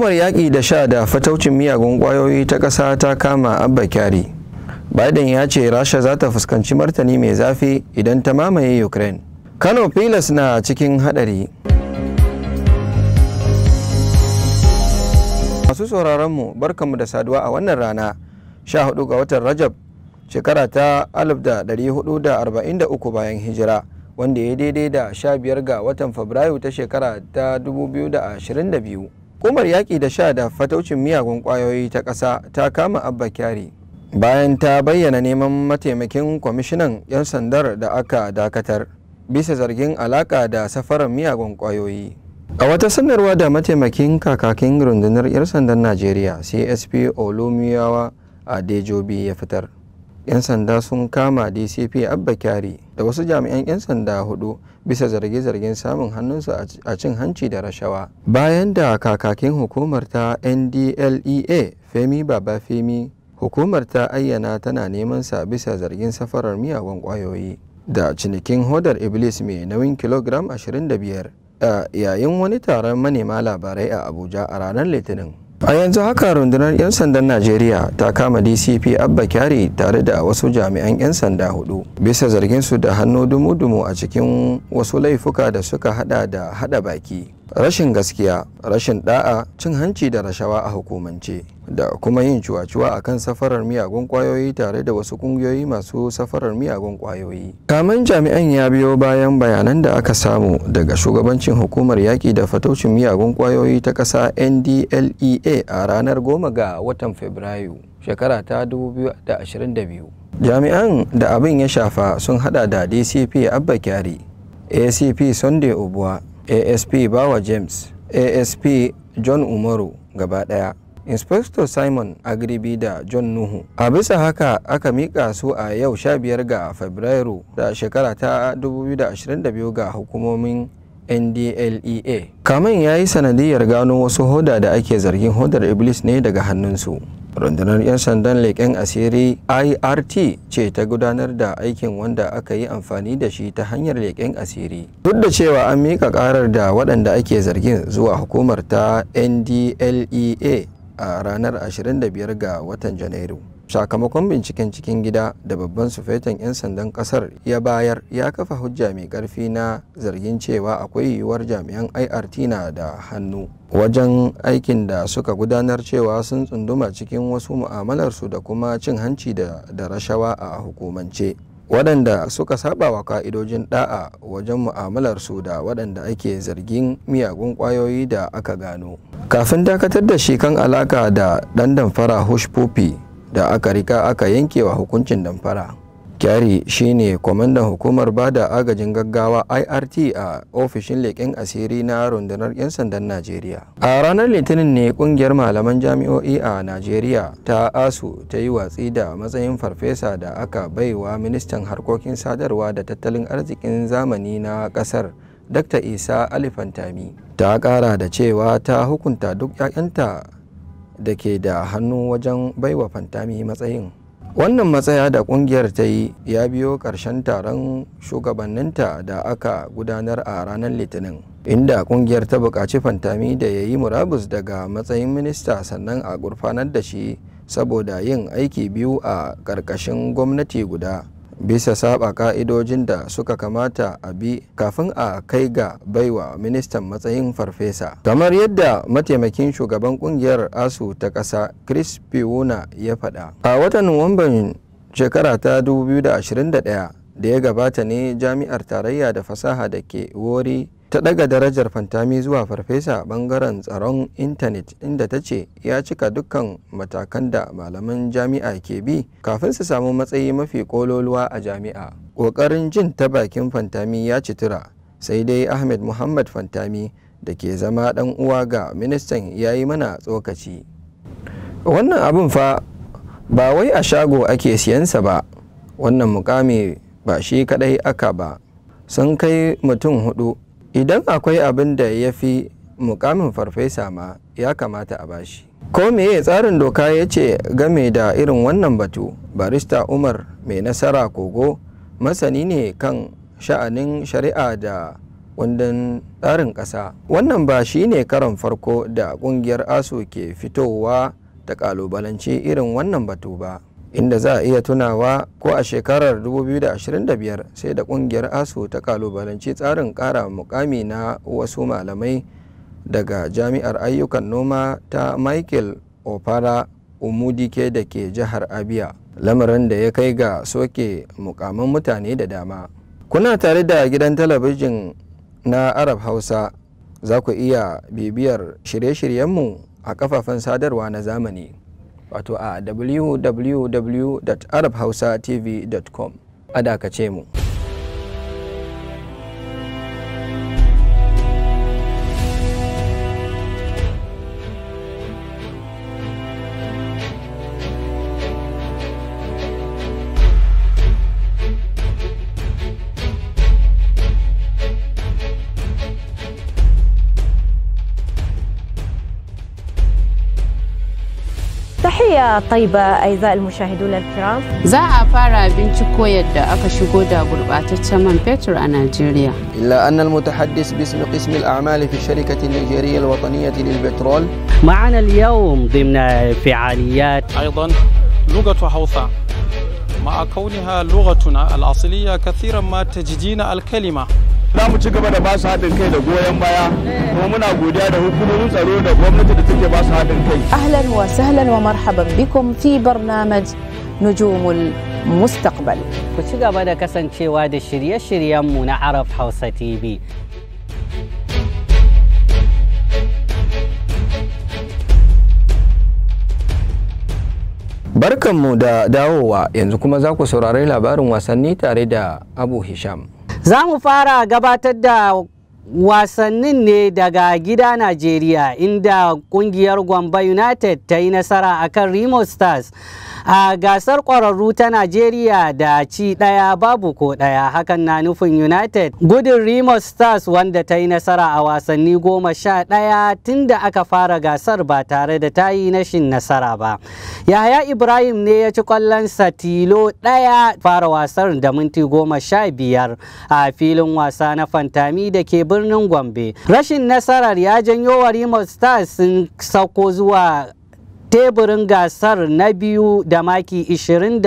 hukumar yaƙi da sha da fataucin miyagun ƙwayoyi ta ƙasa ta kama abba kyari biden ya ce rasha za ta fuskanci martani mai zafi idan ta mamaye ukraine kano pilas na cikin haɗari masu sauraronmu barkanmu da saduwa a wannan rana 14 ga watan rajab shekara ta 1443 bayan hijira wanda ya daidai da 15 ga watan fabrairu ta shekara ta 2022 hukumar yaƙi da sha da fataucin miyagun ƙwayoyi ta ƙasa ta kama abba kyari bayan ta bayyana neman mataimakin kwamishinan 'yan sandar da aka dakatar bisa zargin alaƙa da safarar miyagun ƙwayoyi a wata sanarwa da mataimakin kakakin rundunar 'yan sandan najeriya csp olumiyawa a dejobi ya fitar 'yan sanda sun kama dcp abba kyari da wasu jami'an 'yan sanda hudu bisa zarge-zargen samun hannunsu a cin hanci da rashawa bayan da kakakin hukumar ta ndlea femi baba femi hukumar ta ayyana tana neman sa bisa zargin safarar miyagun kwayoyi da cinikin hodar iblis mai nauyin kilogram 25 yayin wani taron manema labarai a abuja a ranar litinin a yanzu haka rundunar 'yan sandan najeriya ta kama dcp abba kyari tare da wasu jami'an 'yan sanda hudu bisa zargin su da hannu dumu-dumu a cikin wasu laifuka da suka hada da hada baki rashin gaskiya rashin da'a cin hanci da rashawa a hukumance da kuma yin cuwa-cuwa a kan safarar miyagun kwayoyi tare da wasu kungiyoyi masu safarar miyagun kwayoyi. Kamin jami'an ya biyo bayan bayanan da aka samu daga shugabancin hukumar yaƙi da fatocin miyagun kwayoyi ta ƙasa NDLEA a ranar goma ga watan Fabrairu shekara ta 2022. Jami'an da abin ya shafa sun hada da DCP Abba Kyari, ACP Sunday Obua, ASP Bawa James, ASP John Umaru gaba daya. inspector simon agribi da john nuhu a bisa haka aka mika su a yau 15 ga fabrairu da shekara ta 2022 ga hukumomin ndlea kamen ya yi sanadiyar gano wasu hoda da ake zargin hodar iblis ne daga hannunsu rundunar 'yan sandan leƙen asiri irt ce ta gudanar da aikin wanda aka yi amfani da shi ta hanyar leƙen asiri duk da cewa an mika karar da waɗanda ake zargin zuwa hukumar ta ndlea a ranar 25 ga watan janairu sakamakon binciken cikin gida da babban sufetan 'yan sandan kasar ya bayar ya kafa hujja mai karfi na zargin cewa akwai yiwuwar jami'an irt na da hannu wajen aikin da suka gudanar cewa sun tsunduma cikin wasu mu'amalarsu da kuma cin hanci da rashawa a hukumance waɗanda suka saba wa ka'idojin da'a wajen mu'amalarsu da waɗanda ake zargin miyagun ƙwayoyi da aka gano kafin dakatar da shi kan alaka da ɗan damfara hush da aka rika aka yanke wa hukuncin damfara kyari shine kwamandan hukumar bada agajin gaggawa irt a ofishin leƙen asiri na rundunar 'yan sandan najeriya a ranar litinin ne kungiyar malaman jami'o'i a najeriya ta asu ta yi watsi da matsayin farfesa da aka baiwa ministan harkokin sadarwa da tattalin arzikin zamani na kasar dr isa alifantami ta ƙara da cewa ta hukunta duk 'ya'yanta da ke da hannu wajen baiwa fantami matsayin wannan matsaya da kungiyar ta yi ya biyo ƙarshen taron shugabanninta da aka gudanar a ranar litinin inda kungiyar ta buƙaci fantami da ya yi murabus daga matsayin minista sannan a gurfanar da shi saboda yin aiki biyu a ƙarƙashin gwamnati guda bisa saba ka'idojin da suka kamata a bi kafin a kai ga baiwa ministan matsayin farfesa kamar yadda mataimakin shugaban kungiyar asu ta ƙasa chris piwuna ya faɗa a watan nuwamban shekara ta 2021 da ya gabata ne jami'ar tarayya da fasaha da ke wori ta daga darajar fantami zuwa farfesa bangaren tsaron intanet inda ta ce ya cika dukkan matakan da malaman jami'a ke bi kafin su samu matsayi mafi kololuwa a jami'a ƙoƙarin jin ta bakin fantami ya citura sai dai ahmed muhammad fantami da ke zama ɗan uwa ga ministan ya yi mana tsokaci wannan abin fa ba wai a shago ake siyansa ba wannan mukami ba shi kadai aka ba sun kai mutum hudu idan akwai abin da ya fi mukamin farfesa ma ya kamata a bashi ko meye tsarin doka ya ce game da irin wannan batu barista umar mai nasara kogo masani ne kan sha'anin shari'a da kundin tsarin ƙasa wannan ba shi ne karon farko da ƙungiyar aso ke fitowa da ƙalubalance irin wannan batu ba inda za a iya tunawa ko a shekarar 2025 sai da kungiyar asu ta kalubalanci tsarin kara mukami na wasu malamai daga jami'ar ayyukan noma ta michael opara umudike da ke jihar abia lamarin da ya kai ga soke mukamin mutane da dama kuna tare da gidan talabijin na arab hausa za ku iya bibiyar shirye-shiryenmu a kafafen sadarwa na zamani wato a www.arabhausatv.com a dakace mu. طيبة أيضا المشاهدون الكرام زا أفارا بنتكو يدى أكشكودا بلغاتة من بيتر أنا نيجيريا إلا أن المتحدث باسم قسم الأعمال في الشركة النيجيرية الوطنية للبترول معنا اليوم ضمن فعاليات أيضا لغة حوثة مع كونها لغتنا الأصلية كثيرا ما تجدين الكلمة za mu ci gaba da ba su haɗin kai da goyon baya kuma muna godiya da hukumomin tsaro da gwamnati da take ba su haɗin kai ahlan wa sahlan wa marhaban bikum fi barnamaj nujumul mustaqbal ku ci gaba da kasancewa da shirye-shiryenmu na arab hausa tv Barkanmu da dawowa yanzu kuma za ku saurari labarin wasanni tare da Abu Hisham. Za mu fara gabatar da wasannin ne daga gida Najeriya inda kungiyar Gwamba United ta yi nasara akan Remo Stars a gasar ƙwararru ta najeriya da ci ɗaya babu ko ɗaya hakan na nufin united gudun Rimo stars wanda ta yi nasara a wasanni goma sha ɗaya tun da aka fara gasar ba tare da ta yi nashin nasara ba yahaya ibrahim ne ya ci sa satilo ɗaya fara wasar da minti goma sha biyar a filin wasa na fantami da ke birnin gombe rashin nasarar ya janyo wa Rimo stars sun sauko zuwa teburin gasar na biyu da maki 23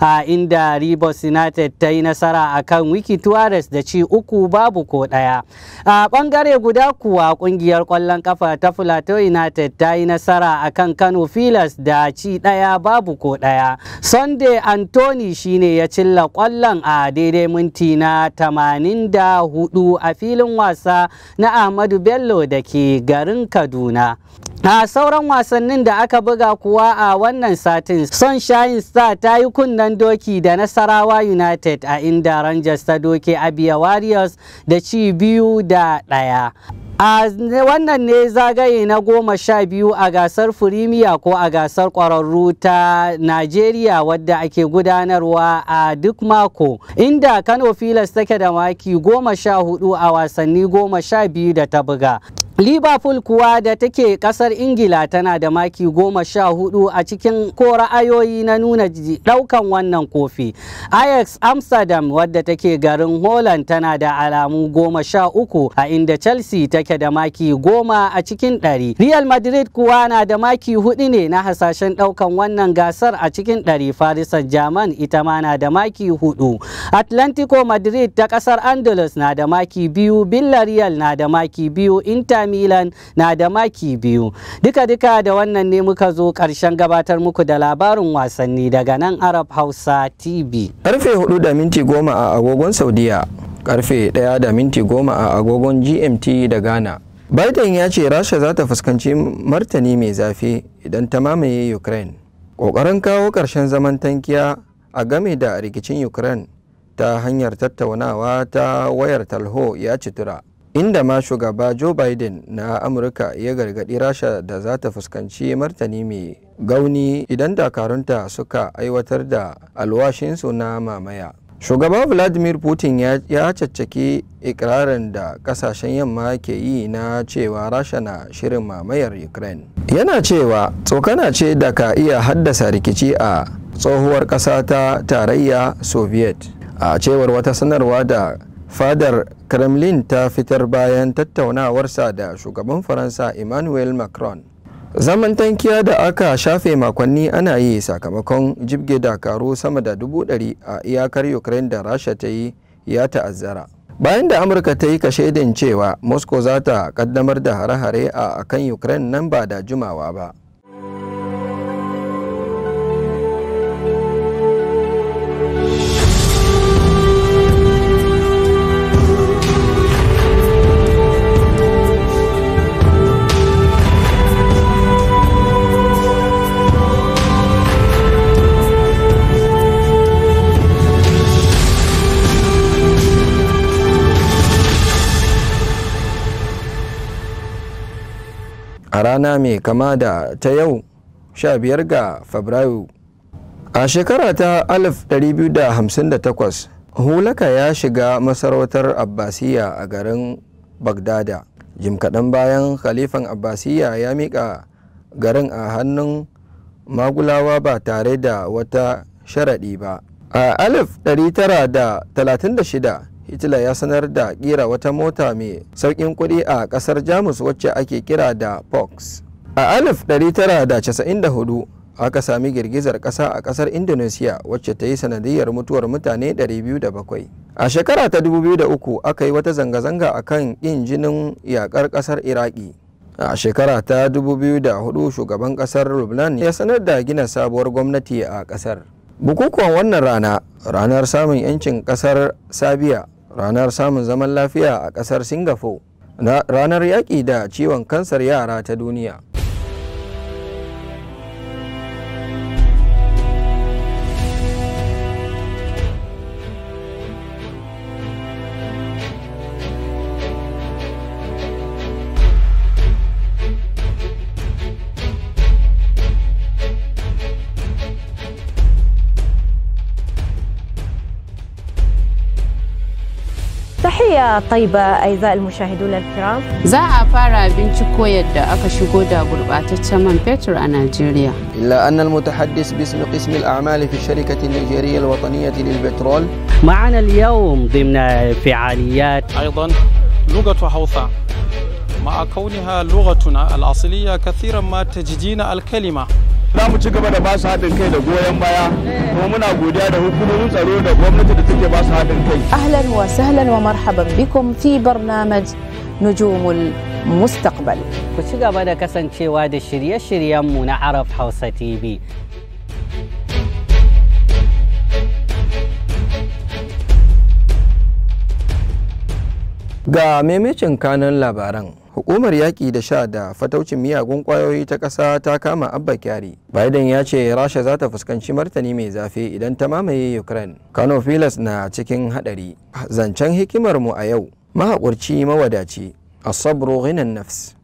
a inda Rivers United ta yi nasara a kan Wiki Tuares da ci uku babu ko daya A bangare guda kuwa kungiyar kwallon kafa ta Filato United ta yi nasara a kan Kano Filas da ci daya babu ko daya Sunday Anthony shine ya cilla kwallon a daidai minti na 84 a filin wasa na Ahmadu Bello da ke garin Kaduna. A sauran wasannin wasannin da aka buga kuwa a wannan satin son shayin star ta yi kunnen doki da nasarawa united a inda rangers ta doke abia warriors da ci biyu da ɗaya a wannan ne zagaye na goma sha biyu a gasar firimiya ko a gasar kwararru ta najeriya wadda ake gudanarwa a duk mako inda kano filas take da maki goma sha hudu a wasanni goma sha biyu da ta buga liverpool kuwa da take kasar ingila tana da maki goma sha hudu a cikin ko ra'ayoyi na nuna daukan wannan kofi ajax amsterdam wadda take garin holland tana da alamu goma sha uku a inda chelsea take da maki goma a cikin ɗari real madrid kuwa na da maki hudu ne na hasashen daukan wannan gasar a cikin ɗari paris german ita ma na da maki hudu atlantico madrid ta kasar andalus na da maki biyu villarreal na da maki biyu inter milan na da maki biyu duka duka da wannan ne muka zo ƙarshen gabatar muku da labarin wasanni daga nan arab hausa tv karfe 4 da minti 10 a agogon saudiya karfe 1 da minti 10 a agogon gmt da ghana biden ya ce rasha za ta fuskanci martani mai zafi idan ta mamaye ukraine ƙoƙarin kawo ƙarshen zaman tankiya a game da rikicin ukraine ta hanyar tattaunawa ta wayar talho ya citura inda ma shugaba joe biden na amurka ya gargadi rasha da za ta fuskanci martani mai gauni idan dakarunta suka aiwatar da alwashinsu na mamaya shugaba vladimir putin ya caccaki ikirarin da kasashen yamma ke yi na cewa rasha na shirin mamayar ukraine yana cewa tsokana ce da ka iya haddasa rikici a tsohuwar ƙasa ta tarayya soviet a cewar wata sanarwa da fadar kremlin ta fitar bayan tattaunawarsa da shugaban faransa emmanuel macron zaman tankiya da aka shafe makonni ana yi sakamakon jibge dakaru sama da dubu ɗari a iyakar ukraine da rasha ta yi ya ta'azzara bayan da amurka ta yi din cewa moscow za ta kaddamar da hare-hare a kan ukraine nan ba da jimawa ba rana mai kama da ta yau 15 ga fabrairu a shekara ta 1258 hulaka ya shiga masarautar abbasiya a garin bagdada jim kaɗan bayan khalifan abbasiya ya mika garin a hannun magulawa ba tare da wata sharaɗi ba a 1936 hitler ya sanar da kera wata mota mai sauƙin kuɗi a ƙasar jamus wacce ake kira da fox a 1994 aka sami girgizar ƙasa a ƙasar indonesia wacce ta yi sanadiyar mutuwar mutane 207 a shekara ta 2003 aka yi wata zanga-zanga a kan ƙin jinin yaƙar ƙasar iraki a shekara ta 2004 shugaban ƙasar lubnan ya sanar da gina sabuwar gwamnati a ƙasar bukukuwan wannan rana ranar samun 'yancin ƙasar sabiya ranar samun zaman lafiya a ƙasar singapore ranar yaƙi da ciwon kansar yara ta duniya طيبة أيضا المشاهدون الكرام زا أفارا a fara binciko yadda aka shigo بيتر أنا الجيريا إلا أن المتحدث باسم قسم الأعمال في الشركة النيجيرية الوطنية للبترول معنا اليوم ضمن فعاليات أيضا لغة حوثة مع كونها لغتنا الأصلية كثيرا ما تجدين الكلمة zamu ci gaba da ba su hadin kai da goyen baya kuma muna godiya da hukumomin tsaro da gwamnati da take ba su hadin kai ahlan wa sahlan wa marhaban bikum fi barnamaj nujumul mustaqbal ku ci gaba da kasancewa da shirye shiryen mu na arab hausa tv ga maimacin kanan labaran hukumar yaƙi da sha da fataucin miyagun ƙwayoyi ta ƙasa ta kama abba kyari biden ya ce rasha za ta fuskanci martani mai zafi idan ta mamaye ukraine kano filas na cikin haɗari zancen hikimar mu a yau mahaƙurci mawadaci a ghinan nafs